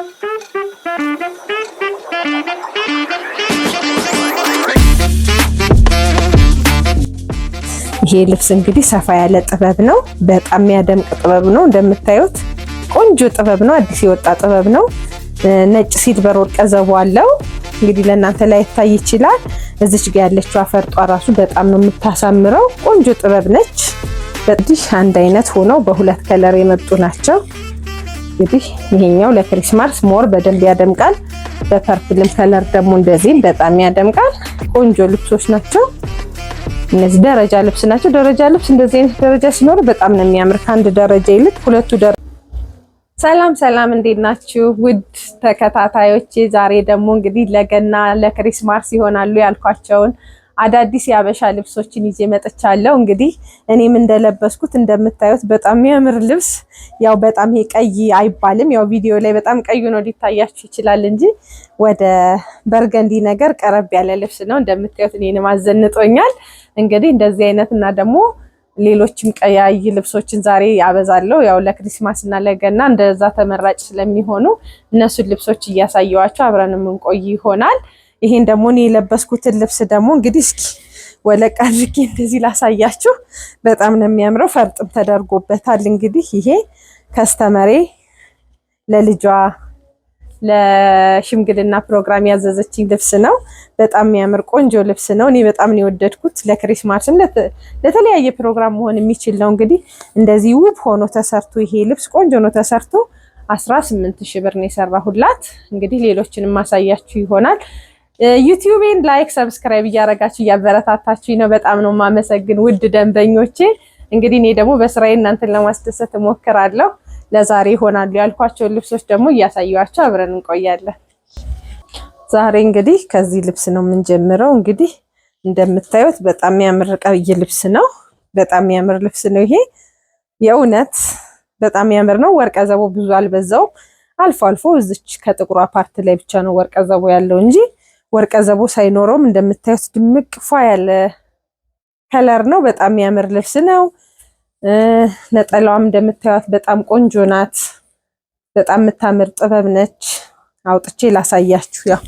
ይሄ ልብስ እንግዲህ ሰፋ ያለ ጥበብ ነው። በጣም የሚያደምቅ ጥበብ ነው። እንደምታዩት ቆንጆ ጥበብ ነው። አዲስ የወጣ ጥበብ ነው። ነጭ ሲልቨር ወርቅ ዘቦ አለው። እንግዲህ ለእናንተ ላይ ይታይ ይችላል። እዚች ጋር ያለችው አፈርጧ ራሱ በጣም ነው የምታሳምረው። ቆንጆ ጥበብ ነች። በዲሽ አንድ አይነት ሆነው በሁለት ከለር የመጡ ናቸው። እንግዲህ ይሄኛው ለክሪስማስ ሞር በደንብ ያደምቃል። በፐርፕልም ከለር ደግሞ እንደዚህ በጣም ያደምቃል። ቆንጆ ልብሶች ናቸው እነዚህ ደረጃ ልብስ ናቸው። ደረጃ ልብስ እንደዚህ አይነት ደረጃ ሲኖር በጣም ነው የሚያምር። ከአንድ ደረጃ ይልቅ ሁለቱ ደረጃ ሰላም ሰላም፣ እንዴት ናችሁ ውድ ተከታታዮቼ? ዛሬ ደግሞ እንግዲህ ለገና ለክሪስማስ ይሆናሉ ያልኳቸውን አዳዲስ የአበሻ ልብሶችን ይዤ መጥቻለሁ። እንግዲህ እኔም እንደለበስኩት እንደምታዩት በጣም የሚያምር ልብስ ያው በጣም ይሄ ቀይ አይባልም። ያው ቪዲዮ ላይ በጣም ቀዩ ነው ሊታያችሁ ይችላል እንጂ ወደ በርገንዲ ነገር ቀረብ ያለ ልብስ ነው። እንደምታዩት እኔንም አዘንጦኛል። እንግዲህ እንደዚህ አይነት እና ደግሞ ሌሎችም ቀያይ ልብሶችን ዛሬ ያበዛለሁ። ያው ለክሪስማስ እና ለገና እንደዛ ተመራጭ ስለሚሆኑ እነሱን ልብሶች እያሳየዋቸው አብረን የምንቆይ ይሆናል። ይሄን ደግሞ እኔ የለበስኩትን ልብስ ደግሞ እንግዲህ እስኪ ወለቅ አድርጌ እንደዚህ ላሳያችሁ። በጣም ነው የሚያምረው። ፈርጥም ተደርጎበታል። እንግዲህ ይሄ ከስተመሬ ለልጇ ለሽምግልና ፕሮግራም ያዘዘችኝ ልብስ ነው። በጣም የሚያምር ቆንጆ ልብስ ነው። እኔ በጣም ነው የወደድኩት። ለክሪስማስም ለተለያየ ፕሮግራም መሆን የሚችል ነው። እንግዲህ እንደዚህ ውብ ሆኖ ተሰርቶ ይሄ ልብስ ቆንጆ ነው ተሰርቶ አስራ ስምንት ሺህ ብር ነው የሰራሁላት። እንግዲህ ሌሎችንም ማሳያችሁ ይሆናል። ዩቲዩቤን ላይክ ሰብስክራይብ እያደረጋችሁ እያበረታታችሁ ነው። በጣም ነው የማመሰግን ውድ ደንበኞቼ። እንግዲህ እኔ ደግሞ በስራዬ እናንተን ለማስደሰት እሞክራለሁ። ለዛሬ ይሆናሉ ያልኳቸውን ልብሶች ደግሞ እያሳየኋቸው አብረን እንቆያለን። ዛሬ እንግዲህ ከዚህ ልብስ ነው የምንጀምረው። እንግዲህ እንደምታዩት በጣም የሚያምር ቀይ ልብስ ነው። በጣም የሚያምር ልብስ ነው ይሄ የእውነት በጣም የሚያምር ነው። ወርቀ ዘቦ ብዙ አልበዛውም። አልፎ አልፎ እዚች ከጥቁሯ ፓርት ላይ ብቻ ነው ወርቀ ዘቦ ያለው እንጂ ወርቀ ዘቦ ሳይኖረውም እንደምታዩት ድምቅ ፏ ያለ ከለር ነው። በጣም የሚያምር ልብስ ነው። ነጠላዋም እንደምታዩት በጣም ቆንጆ ናት። በጣም የምታምር ጥበብ ነች። አውጥቼ ላሳያችሁ። ያው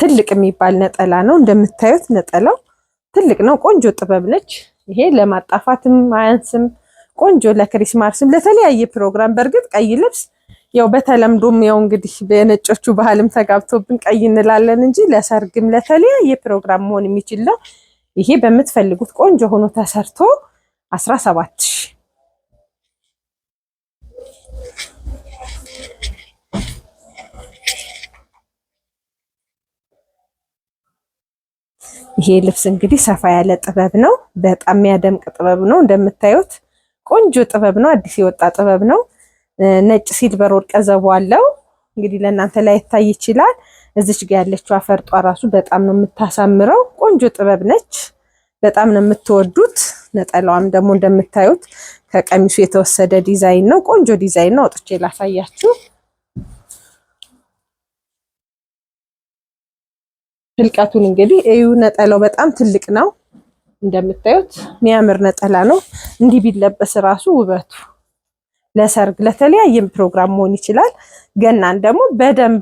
ትልቅ የሚባል ነጠላ ነው እንደምታዩት። ነጠላው ትልቅ ነው። ቆንጆ ጥበብ ነች። ይሄ ለማጣፋትም አያንስም። ቆንጆ ለክሪስማስም፣ ለተለያየ ፕሮግራም በእርግጥ ቀይ ልብስ ያው በተለምዶም ያው እንግዲህ በነጮቹ ባህልም ተጋብቶብን ቀይ እንላለን እንጂ ለሰርግም ለተለያየ ፕሮግራም መሆን የሚችል ነው። ይሄ በምትፈልጉት ቆንጆ ሆኖ ተሰርቶ 17 ሰባት ይሄ ልብስ እንግዲህ ሰፋ ያለ ጥበብ ነው። በጣም የሚያደምቅ ጥበብ ነው። እንደምታዩት ቆንጆ ጥበብ ነው። አዲስ የወጣ ጥበብ ነው። ነጭ ሲልቨር ወርቅ ዘቦ አለው። እንግዲህ ለእናንተ ላይ ታይ ይችላል። እዚች ጋ ያለችው አፈርጧ ራሱ በጣም ነው የምታሳምረው። ቆንጆ ጥበብ ነች። በጣም ነው የምትወዱት። ነጠላዋም ደግሞ እንደምታዩት ከቀሚሱ የተወሰደ ዲዛይን ነው። ቆንጆ ዲዛይን ነው። አውጥቼ ላሳያችሁ። ህልቀቱን እንግዲህ እዩ። ነጠላው በጣም ትልቅ ነው። እንደምታዩት የሚያምር ነጠላ ነው። እንዲህ ቢለበስ ራሱ ውበቱ ለሰርግ ለተለያየም ፕሮግራም መሆን ይችላል። ገናን ደግሞ በደንብ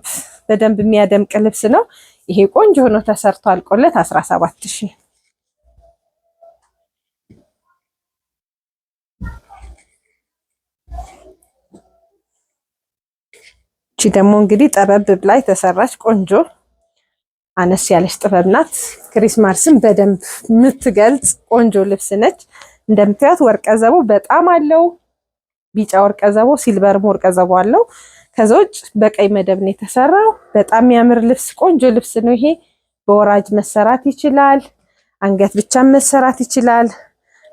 በደንብ የሚያደምቅ ልብስ ነው። ይሄ ቆንጆ ሆኖ ተሰርቶ አልቆለት 17 ሺህ እቺ ደግሞ እንግዲህ ጠበብ ብላ የተሰራች ቆንጆ አነስ ያለች ጥበብ ናት። ክሪስማስን በደንብ የምትገልጽ ቆንጆ ልብስ ነች። እንደምታዩት ወርቀ ዘቦ በጣም አለው። ቢጫ ወርቀ ዘቦ ሲልቨር ወርቀ ዘቦ አለው። ከዛ ውጭ በቀይ መደብ ነው የተሰራው። በጣም የሚያምር ልብስ፣ ቆንጆ ልብስ ነው ይሄ። በወራጅ መሰራት ይችላል፣ አንገት ብቻ መሰራት ይችላል።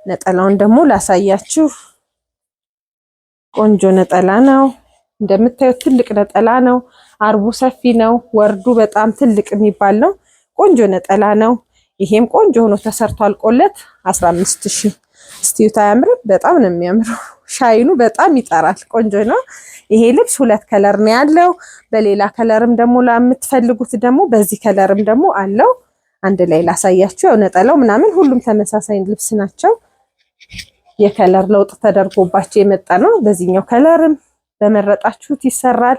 ነጠላውን ደግሞ ላሳያችሁ። ቆንጆ ነጠላ ነው እንደምታዩት፣ ትልቅ ነጠላ ነው። አርቡ ሰፊ ነው፣ ወርዱ በጣም ትልቅ የሚባል ነው። ቆንጆ ነጠላ ነው። ይሄም ቆንጆ ሆኖ ተሰርቶ አልቆለት 15000 ሺህ። እስቲዩት አያምርም? በጣም ነው የሚያምረው። ሻይኑ በጣም ይጠራል። ቆንጆ ነው። ይሄ ልብስ ሁለት ከለር ነው ያለው። በሌላ ከለርም ደግሞ ለምትፈልጉት ደግሞ በዚህ ከለርም ደግሞ አለው። አንድ ላይ ላሳያችሁ። ያው ነጠላው ምናምን ሁሉም ተመሳሳይ ልብስ ናቸው። የከለር ለውጥ ተደርጎባቸው የመጣ ነው። በዚህኛው ከለርም በመረጣችሁት ይሰራል።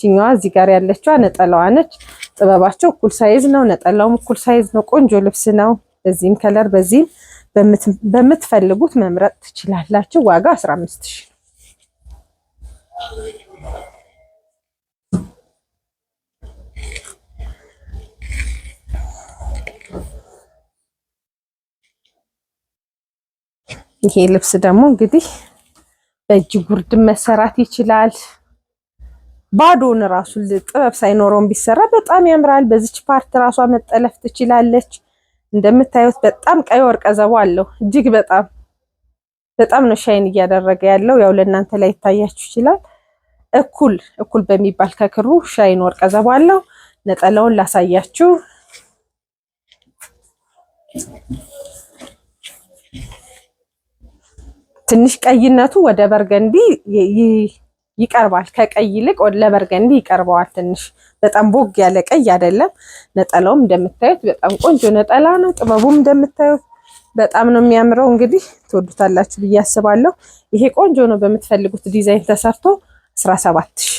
ችኛዋ እዚህ ጋር ያለችዋ ነጠላዋ ነች። ጥበባቸው እኩል ሳይዝ ነው። ነጠላውም እኩል ሳይዝ ነው። ቆንጆ ልብስ ነው። በዚህም ከለር በዚህም በምትፈልጉት መምረጥ ትችላላችሁ። ዋጋ 15 ሺህ ነው። ይሄ ልብስ ደግሞ እንግዲህ በእጅ ጉርድ መሰራት ይችላል። ባዶን ራሱ ጥበብ ሳይኖረውን ቢሰራ በጣም ያምራል። በዚች ፓርት ራሷ መጠለፍ ትችላለች። እንደምታዩት በጣም ቀይ ወርቀ ዘቦ አለው። እጅግ በጣም በጣም ነው ሻይን እያደረገ ያለው። ያው ለእናንተ ላይ ይታያችሁ ይችላል። እኩል እኩል በሚባል ከክሩ ሻይን ወርቀ ዘቦ አለው። ነጠላውን ላሳያችሁ። ትንሽ ቀይነቱ ወደ በርገንዲ ይቀርባል። ከቀይ ይልቅ ለበርገንዲ ይቀርበዋል። ትንሽ በጣም ቦግ ያለ ቀይ አይደለም። ነጠላውም እንደምታዩት በጣም ቆንጆ ነጠላ ነው። ጥበቡም እንደምታዩት በጣም ነው የሚያምረው። እንግዲህ ትወዱታላችሁ ብዬ አስባለሁ። ይሄ ቆንጆ ነው። በምትፈልጉት ዲዛይን ተሰርቶ 17 ሺ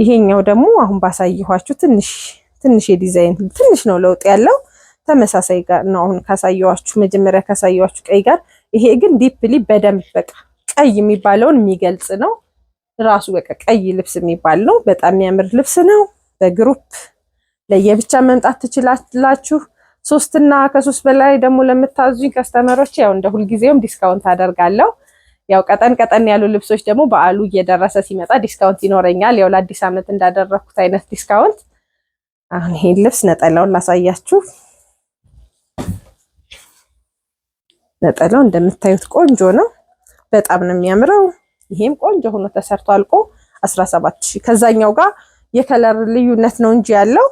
ይሄኛው ደግሞ አሁን ባሳየኋችሁ ትንሽ ትንሽ የዲዛይን ትንሽ ነው ለውጥ ያለው ተመሳሳይ ጋር ነው አሁን ካሳየኋችሁ መጀመሪያ ካሳየኋችሁ ቀይ ጋር ይሄ ግን ዲፕሊ በደንብ በቃ ቀይ የሚባለውን የሚገልጽ ነው። ራሱ በቃ ቀይ ልብስ የሚባል ነው። በጣም የሚያምር ልብስ ነው። በግሩፕ ለየብቻ መምጣት ትችላላችሁ። ሶስትና ከሶስት በላይ ደግሞ ለምታዙኝ ከስተመሮች ያው እንደ ሁልጊዜውም ዲስካውንት አደርጋለሁ። ያው ቀጠን ቀጠን ያሉ ልብሶች ደግሞ በዓሉ እየደረሰ ሲመጣ ዲስካውንት ይኖረኛል። ያው ለአዲስ ዓመት እንዳደረኩት አይነት ዲስካውንት። አሁን ይሄን ልብስ ነጠላውን ላሳያችሁ። ነጠላው እንደምታዩት ቆንጆ ነው። በጣም ነው የሚያምረው። ይሄም ቆንጆ ሆኖ ተሰርቶ አልቆ 17 ሺህ ከዛኛው ጋር የከለር ልዩነት ነው እንጂ ያለው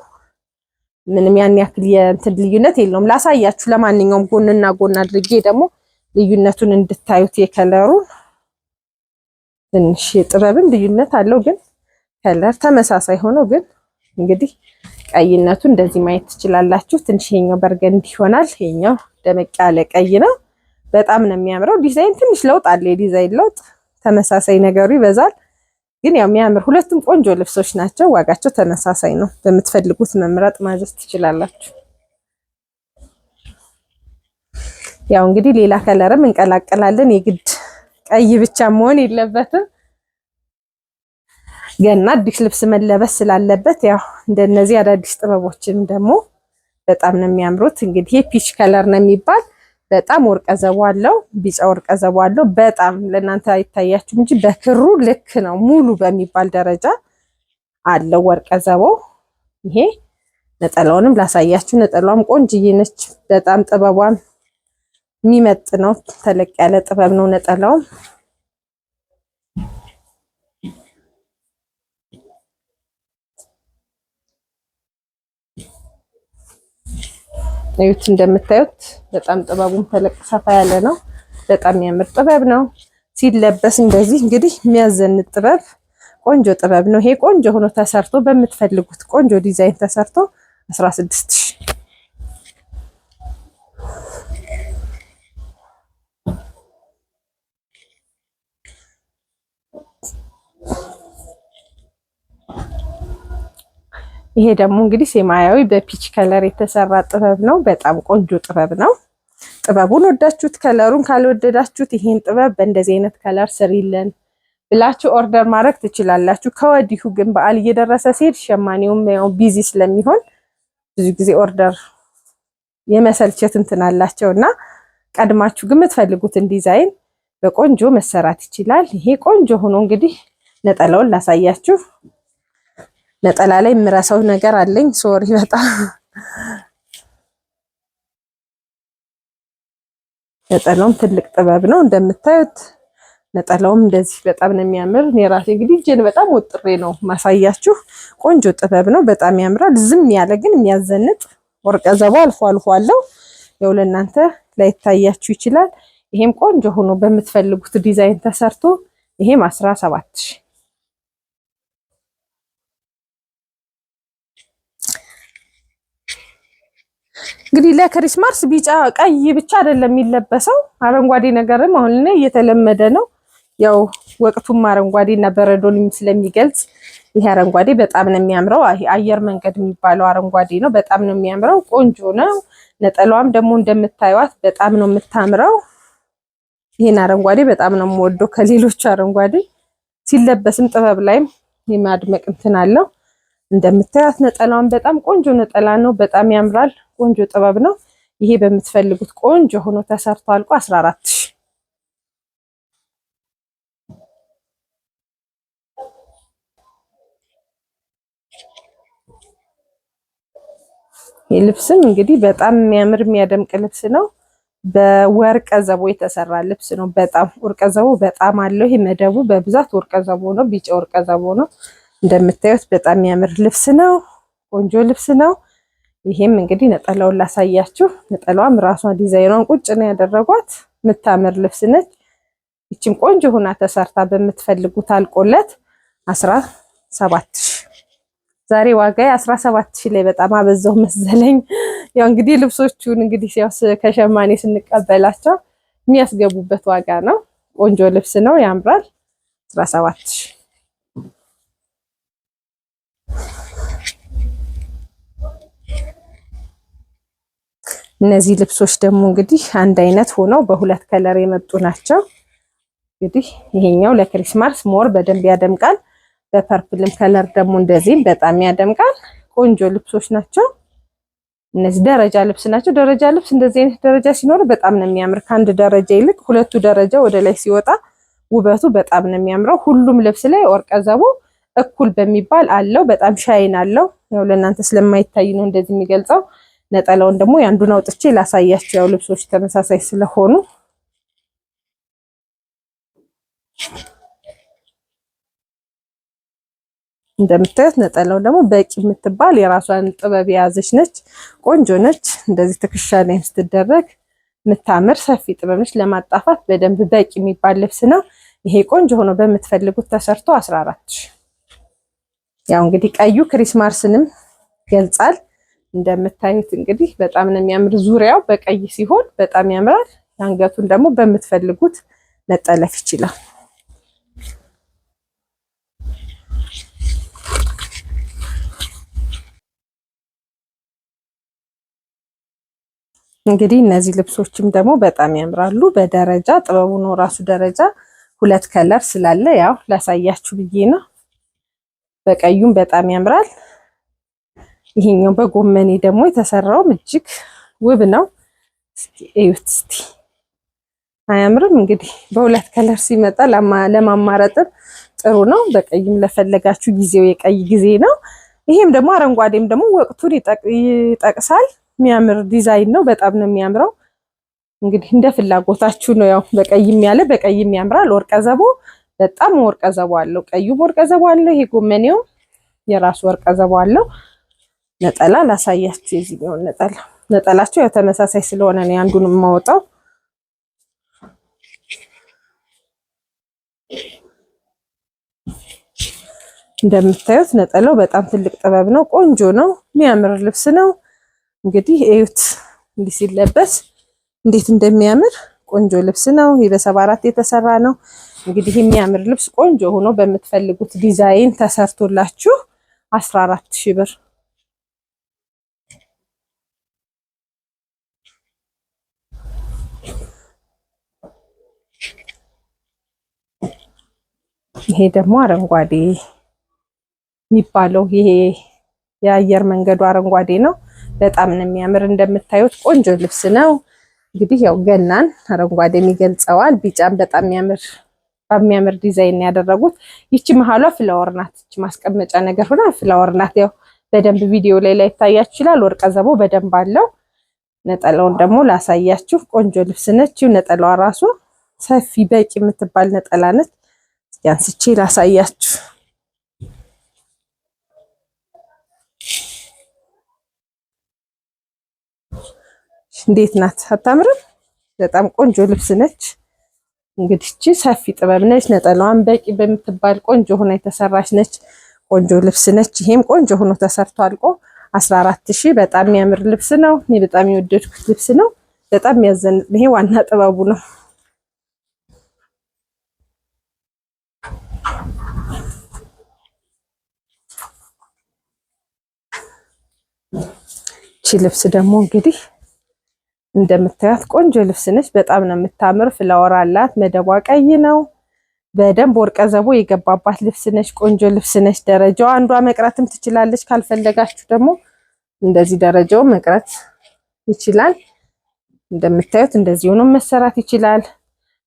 ምንም ያን ያክል የእንትን ልዩነት የለውም። ላሳያችሁ ለማንኛውም ጎንና ጎን አድርጌ ደግሞ ልዩነቱን እንድታዩት የከለሩን ትንሽ የጥበብም ልዩነት አለው ግን ከለር ተመሳሳይ ሆኖ ግን እንግዲህ ቀይነቱ እንደዚህ ማየት ትችላላችሁ። ትንሽ ይሄኛው በርገንዲ ይሆናል። ይሄኛው ደመቅ ያለ ቀይ ነው። በጣም ነው የሚያምረው። ዲዛይን ትንሽ ለውጥ አለ፣ የዲዛይን ለውጥ ተመሳሳይ ነገሩ ይበዛል፣ ግን ያው የሚያምር ሁለቱም ቆንጆ ልብሶች ናቸው። ዋጋቸው ተመሳሳይ ነው። በምትፈልጉት መምረጥ ማዘዝ ትችላላችሁ። ያው እንግዲህ ሌላ ከለርም እንቀላቀላለን። የግድ ቀይ ብቻ መሆን የለበትም። ገና አዲስ ልብስ መለበስ ስላለበት ያው እንደነዚህ አዳዲስ ጥበቦችን ደግሞ በጣም ነው የሚያምሩት። እንግዲህ የፒች ከለር ነው የሚባል በጣም ወርቀ ዘቦ አለው፣ ቢጫ ወርቀ ዘቦ አለው። በጣም ለእናንተ አይታያችሁ እንጂ በክሩ ልክ ነው። ሙሉ በሚባል ደረጃ አለው ወርቀ ዘቦ። ይሄ ነጠላውንም ላሳያችሁ። ነጠላውም ቆንጅዬ ነች። በጣም ጥበቧን የሚመጥ ነው። ተለቅ ያለ ጥበብ ነው ነጠላውም እዩት። እንደምታዩት በጣም ጥበቡን ተለቅ ሰፋ ያለ ነው። በጣም የሚያምር ጥበብ ነው። ሲለበስ እንደዚህ እንግዲህ የሚያዘን ጥበብ ቆንጆ ጥበብ ነው። ይሄ ቆንጆ ሆኖ ተሰርቶ በምትፈልጉት ቆንጆ ዲዛይን ተሰርቶ 16 ይሄ ደግሞ እንግዲህ ሰማያዊ በፒች ከለር የተሰራ ጥበብ ነው። በጣም ቆንጆ ጥበብ ነው። ጥበቡን ወዳችሁት፣ ከለሩን ካልወደዳችሁት ይሄን ጥበብ በእንደዚህ አይነት ከለር ስሪልን ብላችሁ ኦርደር ማድረግ ትችላላችሁ። ከወዲሁ ግን በዓል እየደረሰ ሲሄድ ሸማኔውም ያው ቢዚ ስለሚሆን ብዙ ጊዜ ኦርደር የመሰልቸት እንትን አላቸው እና ቀድማችሁ ግን የምትፈልጉትን ዲዛይን በቆንጆ መሰራት ይችላል። ይሄ ቆንጆ ሆኖ እንግዲህ ነጠላውን ላሳያችሁ። ነጠላ ላይ የምረሳው ነገር አለኝ። ሶሪ በጣም ነጠላውም ትልቅ ጥበብ ነው እንደምታዩት። ነጠላውም እንደዚህ በጣም ነው የሚያምር። እኔ ራሴ እንግዲህ እጄን በጣም ወጥሬ ነው ማሳያችሁ። ቆንጆ ጥበብ ነው፣ በጣም ያምራል። ዝም ያለ ግን የሚያዘንጥ ወርቀ ዘባ አልፎ አልፎ አለው። ያው ለእናንተ ላይታያችሁ ይችላል። ይሄም ቆንጆ ሆኖ በምትፈልጉት ዲዛይን ተሰርቶ ይሄም አስራ ሰባት ሺህ እንግዲህ ለክሪስማስ ቢጫ ቀይ ብቻ አይደለም የሚለበሰው፣ አረንጓዴ ነገርም አሁን ላይ እየተለመደ ነው። ያው ወቅቱም አረንጓዴ እና በረዶን ስለሚገልጽ ይሄ አረንጓዴ በጣም ነው የሚያምረው። አየር መንገድ የሚባለው አረንጓዴ ነው፣ በጣም ነው የሚያምረው። ቆንጆ ነው። ነጠላዋም ደግሞ እንደምታዩት በጣም ነው የምታምረው። ይሄን አረንጓዴ በጣም ነው የምወደው ከሌሎች አረንጓዴ። ሲለበስም ጥበብ ላይም የማድመቅ እንትን አለው። እንደምታዩት ነጠላዋም በጣም ቆንጆ ነጠላ ነው፣ በጣም ያምራል። ቆንጆ ጥበብ ነው። ይሄ በምትፈልጉት ቆንጆ ሆኖ ተሰርቶ አልቆ 14 ሺህ ልብስም እንግዲህ በጣም የሚያምር የሚያደምቅ ልብስ ነው። በወርቀ ዘቦ የተሰራ ልብስ ነው። በጣም ወርቀ ዘቦ በጣም አለው። ይሄ መደቡ በብዛት ወርቀ ዘቦ ነው፣ ቢጫ ወርቀ ዘቦ ነው። እንደምታዩት በጣም የሚያምር ልብስ ነው። ቆንጆ ልብስ ነው። ይሄም እንግዲህ ነጠላውን ላሳያችሁ። ነጠላዋም ራሷ ዲዛይኗን ቁጭ ነው ያደረጓት የምታምር ልብስ ነች። ይችም ቆንጆ ሆና ተሰርታ በምትፈልጉት አልቆለት 17 ዛሬ ዋጋ 17 ሺህ ላይ በጣም አበዛው መሰለኝ። ያው እንግዲህ ልብሶቹን እንግዲህ ሲያስ ከሸማኔ ስንቀበላቸው የሚያስገቡበት ዋጋ ነው። ቆንጆ ልብስ ነው፣ ያምራል 17 እነዚህ ልብሶች ደግሞ እንግዲህ አንድ አይነት ሆነው በሁለት ከለር የመጡ ናቸው። እንግዲህ ይሄኛው ለክሪስማስ ሞር በደንብ ያደምቃል። በፐርፕልም ከለር ደግሞ እንደዚህም በጣም ያደምቃል። ቆንጆ ልብሶች ናቸው። እነዚህ ደረጃ ልብስ ናቸው። ደረጃ ልብስ እንደዚህ አይነት ደረጃ ሲኖረው በጣም ነው የሚያምር። ከአንድ ደረጃ ይልቅ ሁለቱ ደረጃ ወደ ላይ ሲወጣ ውበቱ በጣም ነው የሚያምረው። ሁሉም ልብስ ላይ ወርቀ ዘቦ እኩል በሚባል አለው። በጣም ሻይን አለው። ያው ለእናንተ ስለማይታይ ነው እንደዚህ የሚገልጸው ነጠላውን ደግሞ የአንዱን አውጥቼ ላሳያችሁ። ያው ልብሶች ተመሳሳይ ስለሆኑ እንደምታዩት ነጠላው ደግሞ በቂ የምትባል የራሷን ጥበብ የያዘች ነች። ቆንጆ ነች። እንደዚህ ትከሻ ላይም ስትደረግ የምታምር ሰፊ ጥበብ ነች። ለማጣፋት በደንብ በቂ የሚባል ልብስ ነው ይሄ። ቆንጆ ሆኖ በምትፈልጉት ተሰርቶ 14 ያው እንግዲህ ቀዩ ክሪስማስንም ገልጻል። እንደምታዩት እንግዲህ በጣም ነው የሚያምር። ዙሪያው በቀይ ሲሆን በጣም ያምራል። አንገቱን ደግሞ በምትፈልጉት መጠለፍ ይችላል። እንግዲህ እነዚህ ልብሶችም ደግሞ በጣም ያምራሉ። በደረጃ ጥበቡ ነው ራሱ ደረጃ ሁለት ከለር ስላለ ያው ላሳያችሁ ብዬ ነው። በቀዩም በጣም ያምራል። ይሄኛው በጎመኔ ደግሞ የተሰራውም እጅግ ውብ ነው። እስኪ እዩት እስቲ አያምርም? እንግዲህ በሁለት ከለር ሲመጣ ለማማረጥም ጥሩ ነው። በቀይም ለፈለጋችሁ ጊዜው የቀይ ጊዜ ነው። ይሄም ደግሞ አረንጓዴም ደግሞ ወቅቱን ይጠቅሳል። የሚያምር ዲዛይን ነው። በጣም ነው የሚያምረው። እንግዲህ እንደ ፍላጎታችሁ ነው። ያው በቀይም ያለ በቀይም ያምራል። ወርቀ ዘቦ በጣም ወርቀ ዘቦ አለው። ቀዩም ወርቀ ዘቦ አለው። ይሄ ጎመኔው የራሱ ወርቀ ዘቦ አለው። ነጠላ ላሳያችሁ። የዚህኛውን ነጠላ ነጠላችሁ ያው ተመሳሳይ ስለሆነ ነው አንዱን የማወጣው። እንደምታዩት ነጠላው በጣም ትልቅ ጥበብ ነው። ቆንጆ ነው። የሚያምር ልብስ ነው። እንግዲህ እዩት እንዲህ ሲለበስ እንዴት እንደሚያምር ቆንጆ ልብስ ነው። ይህ በሰባ አራት የተሰራ ነው። እንግዲህ የሚያምር ልብስ ቆንጆ ሆኖ በምትፈልጉት ዲዛይን ተሰርቶላችሁ አስራ አራት ሺህ ብር ይሄ ደግሞ አረንጓዴ የሚባለው ይሄ የአየር መንገዱ አረንጓዴ ነው። በጣም ነው የሚያምር። እንደምታዩት ቆንጆ ልብስ ነው። እንግዲህ ያው ገናን አረንጓዴም ይገልጸዋል። ቢጫም በጣም የሚያምር በሚያምር ዲዛይን ያደረጉት። ይቺ መሀሏ ፍላወር ናት። ይቺ ማስቀመጫ ነገር ሆና ፍላወር ናት። ያው በደንብ ቪዲዮ ላይ ላይ ይታያችሁ ይችላል። ወርቀ ዘቦ በደንብ አለው። ነጠላውን ደግሞ ላሳያችሁ። ቆንጆ ልብስ ነች። ነጠላዋ ራሱ ሰፊ በቂ የምትባል ነጠላ ነች። ያንስቼ ላሳያችሁ። እንዴት ናት? አታምርም? በጣም ቆንጆ ልብስ ነች። እንግዲህ ሰፊ ጥበብ ነች። ነጠላዋን በቂ በምትባል ቆንጆ ሆና የተሰራች ነች። ቆንጆ ልብስ ነች። ይሄም ቆንጆ ሆኖ ተሰርቶ አልቆ 14 ሺህ በጣም የሚያምር ልብስ ነው። እኔ በጣም የወደድኩት ልብስ ነው። በጣም የሚያዘንጥ ይሄ ዋና ጥበቡ ነው። ልብስ ደግሞ እንግዲህ እንደምታያት ቆንጆ ልብስ ነች። በጣም ነው የምታምር። ፍላወር አላት። መደቧ ቀይ ነው። በደንብ ወርቀ ዘቦ የገባባት ልብስ ነች። ቆንጆ ልብስ ነች። ደረጃዋ አንዷ መቅረትም ትችላለች። ካልፈለጋችሁ ደግሞ እንደዚህ ደረጃው መቅረት ይችላል። እንደምታዩት እንደዚህ ሆኖ መሰራት ይችላል።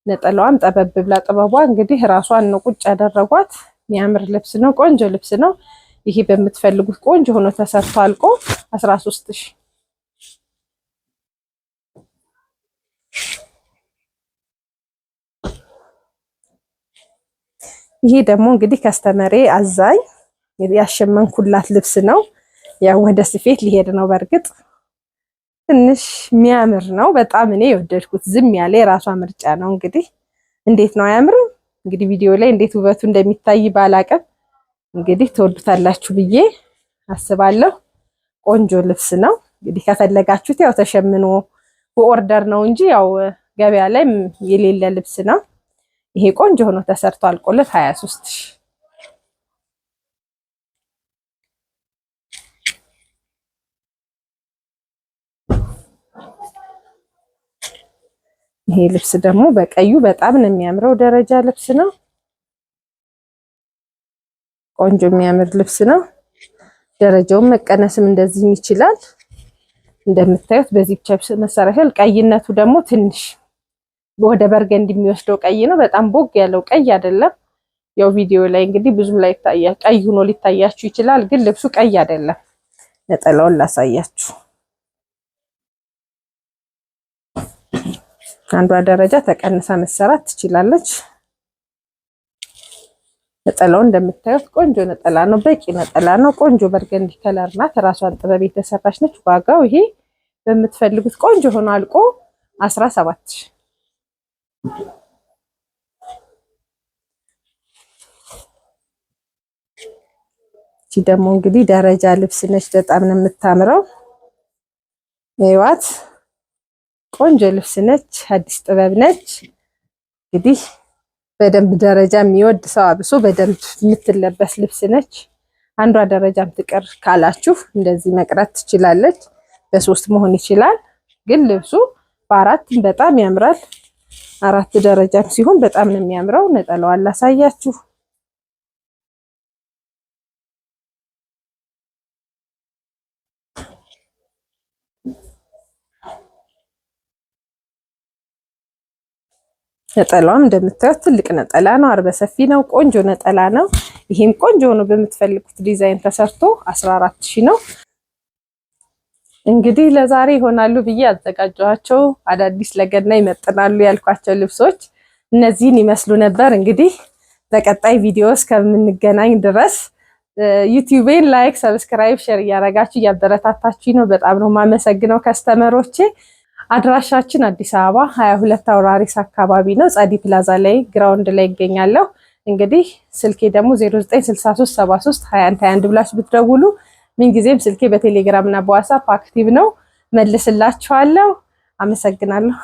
ነጠላዋም ጠበብ ብላ ጥበቧ እንግዲህ ራሷን ነው ቁጭ ያደረጓት። የሚያምር ልብስ ነው። ቆንጆ ልብስ ነው። ይሄ በምትፈልጉት ቆንጆ ሆኖ ተሰርቶ አልቆ 13 ሺህ ይሄ ደግሞ እንግዲህ ከስተመሬ አዛኝ ያሸመንኩላት ልብስ ነው። ያው ወደ ስፌት ሊሄድ ነው። በእርግጥ ትንሽ የሚያምር ነው በጣም እኔ የወደድኩት። ዝም ያለ የራሷ ምርጫ ነው። እንግዲህ እንዴት ነው አያምርም? እንግዲህ ቪዲዮ ላይ እንዴት ውበቱ እንደሚታይ ባላቀም እንግዲህ ትወዱታላችሁ ብዬ አስባለሁ። ቆንጆ ልብስ ነው። እንግዲህ ከፈለጋችሁት ያው ተሸምኖ በኦርደር ነው እንጂ ያው ገበያ ላይ የሌለ ልብስ ነው። ይሄ ቆንጆ ሆኖ ተሰርቶ አልቆለት 23 ሺህ ይሄ ልብስ ደግሞ በቀዩ በጣም ነው የሚያምረው። ደረጃ ልብስ ነው። ቆንጆ የሚያምር ልብስ ነው። ደረጃውን መቀነስም እንደዚህም ይችላል። እንደምታዩት በዚህ ብቻ መሰራት ቀይነቱ ደግሞ ትንሽ ወደ በርገንድ የሚወስደው ቀይ ነው። በጣም ቦግ ያለው ቀይ አይደለም። ያው ቪዲዮ ላይ እንግዲህ ብዙም ላይ ይታያ ቀይ ሆኖ ሊታያችሁ ይችላል፣ ግን ልብሱ ቀይ አይደለም። ነጠላውን ላሳያችሁ። አንዷ ደረጃ ተቀንሳ መሰራት ትችላለች። ነጠላው እንደምታዩት ቆንጆ ነጠላ ነው። በቂ ነጠላ ነው። ቆንጆ በርገንዲ ከለር ናት። ራሷን ጥበብ የተሰራች ነች። ዋጋው ይሄ በምትፈልጉት ቆንጆ ሆኖ አልቆ አስራ ሰባት ሺህ ደግሞ እንግዲህ ደረጃ ልብስ ነች። በጣም ነው የምታምረው። ይዋት ቆንጆ ልብስ ነች። አዲስ ጥበብ ነች እንግዲህ በደንብ ደረጃ የሚወድ ሰው አብሶ በደንብ የምትለበስ ልብስ ነች። አንዷ ደረጃም ትቀር ካላችሁ እንደዚህ መቅረት ትችላለች። በሶስት መሆን ይችላል። ግን ልብሱ በአራትም በጣም ያምራል። አራት ደረጃም ሲሆን በጣም ነው የሚያምረው። ነጠላዋን ላሳያችሁ። ነጠላዋም እንደምታዩት ትልቅ ነጠላ ነው። አርበ ሰፊ ነው። ቆንጆ ነጠላ ነው። ይሄም ቆንጆ ነው። በምትፈልጉት ዲዛይን ተሰርቶ 14 ሺህ ነው። እንግዲህ ለዛሬ ይሆናሉ ብዬ ያዘጋጀኋቸው አዳዲስ ለገና ይመጥናሉ ያልኳቸው ልብሶች እነዚህን ይመስሉ ነበር። እንግዲህ በቀጣይ ቪዲዮ እስከምንገናኝ ድረስ ዩቲዩቤን ላይክ፣ ሰብስክራይብ፣ ሼር እያደረጋችሁ እያበረታታችሁ ነው። በጣም ነው ማመሰግነው ከስተመሮቼ። አድራሻችን አዲስ አበባ ሀያ ሁለት አውራሪስ አካባቢ ነው። ጸዲ ፕላዛ ላይ ግራውንድ ላይ ይገኛለሁ። እንግዲህ ስልኬ ደግሞ 0963732121 ብላችሁ ብትደውሉ ምንጊዜም ስልኬ በቴሌግራም እና በዋትስአፕ አክቲቭ ነው፣ መልስላችኋለሁ። አመሰግናለሁ።